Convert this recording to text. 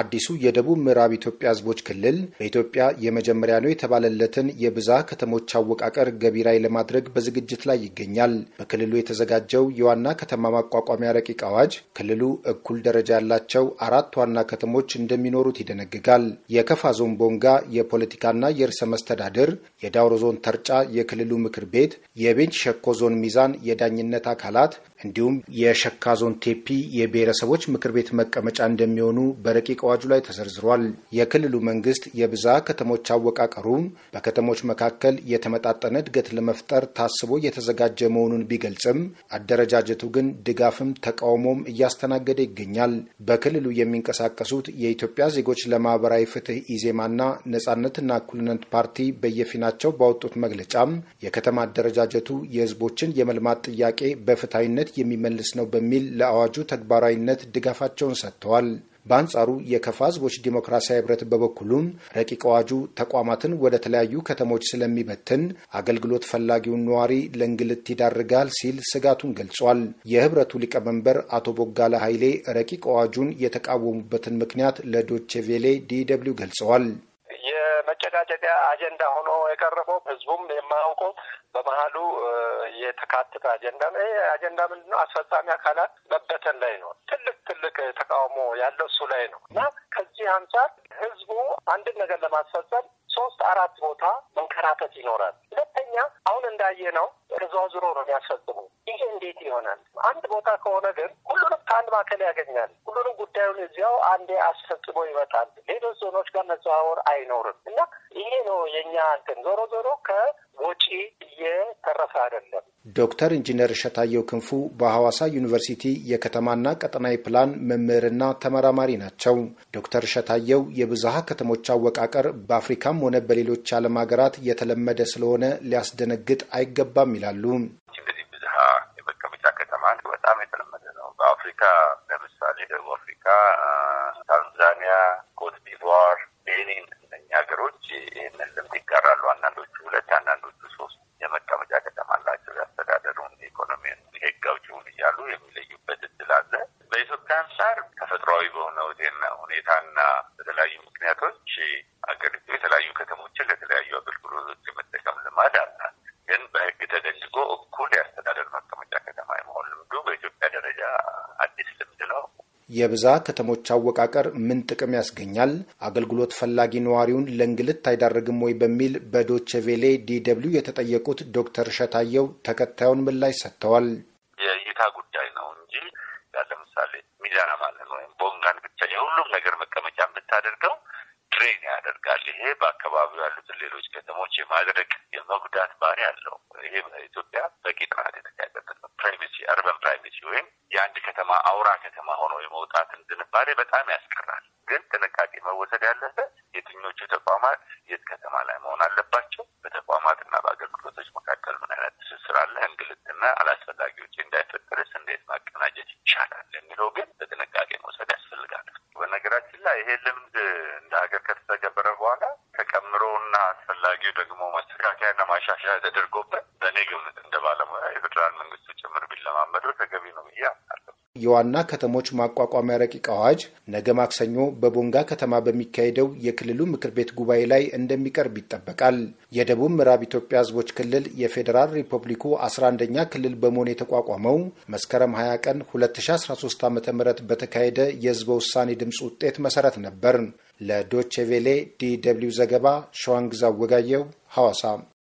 አዲሱ የደቡብ ምዕራብ ኢትዮጵያ ህዝቦች ክልል በኢትዮጵያ የመጀመሪያ ነው የተባለለትን የብዛ ከተሞች አወቃቀር ገቢራዊ ለማድረግ በዝግጅት ላይ ይገኛል። በክልሉ የተዘጋጀው የዋና ከተማ ማቋቋሚያ ረቂቅ አዋጅ ክልሉ እኩል ደረጃ ያላቸው አራት ዋና ከተሞች እንደሚኖሩት ይደነግጋል። የከፋ ዞን ቦንጋ የፖለቲካና የርዕሰ መስተዳድር፣ የዳውሮ ዞን ተርጫ የክልሉ ምክር ቤት፣ የቤንች ሸኮ ዞን ሚዛን የዳኝነት አካላት እንዲሁም የሸካ ዞን ቴፒ የብሔረሰቦች ምክር ቤት መቀመጫ እንደሚሆኑ በረቂቅ አዋጁ ላይ ተዘርዝሯል። የክልሉ መንግስት የብዛ ከተሞች አወቃቀሩም በከተሞች መካከል የተመጣጠነ እድገት ለመፍጠር ታስቦ የተዘጋጀ መሆኑን ቢገልጽም አደረጃጀቱ ግን ድጋፍም ተቃውሞም እያስተናገደ ይገኛል። በክልሉ የሚንቀሳቀሱት የኢትዮጵያ ዜጎች ለማህበራዊ ፍትህ ኢዜማና ነጻነትና እኩልነት ፓርቲ በየፊናቸው ባወጡት መግለጫም የከተማ አደረጃጀቱ የህዝቦችን የመልማት ጥያቄ በፍትሐዊነት የሚመልስ ነው በሚል ለአዋጁ ተግባራዊነት ድጋፋቸውን ሰጥተዋል። በአንጻሩ የከፋ ህዝቦች ዲሞክራሲያዊ ህብረት በበኩሉም ረቂቅ አዋጁ ተቋማትን ወደ ተለያዩ ከተሞች ስለሚበትን አገልግሎት ፈላጊውን ነዋሪ ለእንግልት ይዳርጋል ሲል ስጋቱን ገልጿል። የህብረቱ ሊቀመንበር አቶ ቦጋለ ኃይሌ ረቂቅ አዋጁን የተቃወሙበትን ምክንያት ለዶቼ ቬሌ ዲ ደብልዩ ገልጸዋል። መጨቃጨቂያ አጀንዳ ሆኖ የቀረበው ህዝቡም የማያውቀው በመሀሉ የተካተተ አጀንዳ ነው። ይሄ አጀንዳ ምንድን ነው? አስፈጻሚ አካላት መበተን ላይ ነው። ትልቅ ትልቅ ተቃውሞ ያለው እሱ ላይ ነው እና ከዚህ አንጻር ህዝቡ አንድን ነገር ለማስፈጸም ሶስት አራት ቦታ መንከራተት ይኖራል። ሁለተኛ አሁን እንዳየ ነው ዙሮ ነው የሚያስፈጽሙ ይህ እንዴት ይሆናል? አንድ ቦታ ከሆነ ግን ሁሉንም ከአንድ ማዕከል ያገኛል። ሁሉንም ጉዳዩን እዚያው አንዴ አስፈጽሞ ይመጣል። ሌሎች ዞኖች ጋር መዘዋወር አይኖርም እና ይሄ ነው የእኛ እንትን ዞሮ ዞሮ ከወጪ እየተረፈ አይደለም። ዶክተር ኢንጂነር እሸታየው ክንፉ በሐዋሳ ዩኒቨርሲቲ የከተማና ቀጠናዊ ፕላን መምህርና ተመራማሪ ናቸው። ዶክተር እሸታየው የብዝሃ ከተሞች አወቃቀር በአፍሪካም ሆነ በሌሎች ዓለም ሀገራት የተለመደ ስለሆነ ሊያስደነግጥ አይገባም ይላሉ። በጣም የተለመደ ነው። በአፍሪካ ለምሳሌ ደቡብ አፍሪካ፣ ታንዛኒያ፣ ኮት ዲቯር፣ ቤኒን እነኛ ሀገሮች ይህንን ልምድ ይጋራሉ። አንዳንዶቹ ሁለት፣ አንዳንዶቹ ሶስት የመቀመጫ ከተማ አላቸው። ያስተዳደሩን፣ ኢኮኖሚን፣ ህግ አውጪውን እያሉ የሚለዩበት እድል አለ። በኢትዮጵያ አንጻር ተፈጥሯዊ በሆነ ሁኔታና የብዛ ከተሞች አወቃቀር ምን ጥቅም ያስገኛል? አገልግሎት ፈላጊ ነዋሪውን ለእንግልት አይዳረግም ወይ? በሚል በዶቼ ቬሌ የተጠየቁት ዶክተር እሸታየው ተከታዩን ምላሽ ሰጥተዋል። የእይታ ጉዳይ ነው እንጂ ያ ለምሳሌ ሚዛና ማለት ወይም ቦንጋን ብቻ የሁሉም ነገር መቀመጫ የምታደርገው ድሬን ያደርጋል። ይሄ በአካባቢው ያሉትን ሌሎች ከተሞች የማድረግ የመጉዳት ባህሪ አለው። ይሄ በኢትዮጵያ በቂ ጥናት የተካሄደበት ነው። ፕራይቬሲ አርበን ፕራይቬሲ ወይም የአንድ ከተማ አውራ ከተማ ሆኖ የመውጣትን ዝንባሌ በጣም ያስቀራል። ግን ጥንቃቄ መወሰድ ያለበት የትኞቹ ተቋማት የት ከተማ ላይ መሆን አለባቸው፣ በተቋማትና በአገልግሎቶች መካከል ምን አይነት ትስስር አለ፣ እንግልትና አላስፈላጊ ውጪ እንዳይፈጠርስ እንዴት ማቀናጀት ይቻላል የሚለው ግን በጥንቃቄ መውሰድ ያስፈልጋል። በነገራችን ላይ ይሄ ልምድ ማስተካከያና ማሻሻያ ተደርጎበት በእኔ ግምት እንደ ባለሙያ የፌዴራል መንግስቱ ጭምር ቢለማመደው ተገቢ ነው ብዬ የዋና ከተሞች ማቋቋሚያ ረቂቅ አዋጅ ነገ ማክሰኞ በቦንጋ ከተማ በሚካሄደው የክልሉ ምክር ቤት ጉባኤ ላይ እንደሚቀርብ ይጠበቃል። የደቡብ ምዕራብ ኢትዮጵያ ህዝቦች ክልል የፌዴራል ሪፐብሊኩ 11ኛ ክልል በመሆን የተቋቋመው መስከረም 20 ቀን 2013 ዓ ም በተካሄደ የህዝበ ውሳኔ ድምፅ ውጤት መሰረት ነበር። ለዶቼ ቬሌ ዲ ደብልዩ ዘገባ ሸዋንግዛ ወጋየው ሐዋሳ